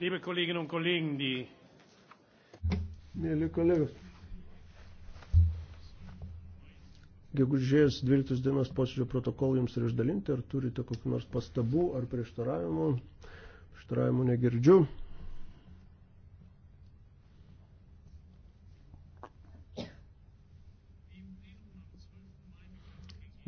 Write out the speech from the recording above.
Liebe Kolleginnen und Kollegen, die Mėly kolegos, gegužės 12 dienos posėdžio protokolą jums ir išdalinti, ar turite kokių nors pastabų ar prieštaravimų. Prieštaravimų negirdžiu.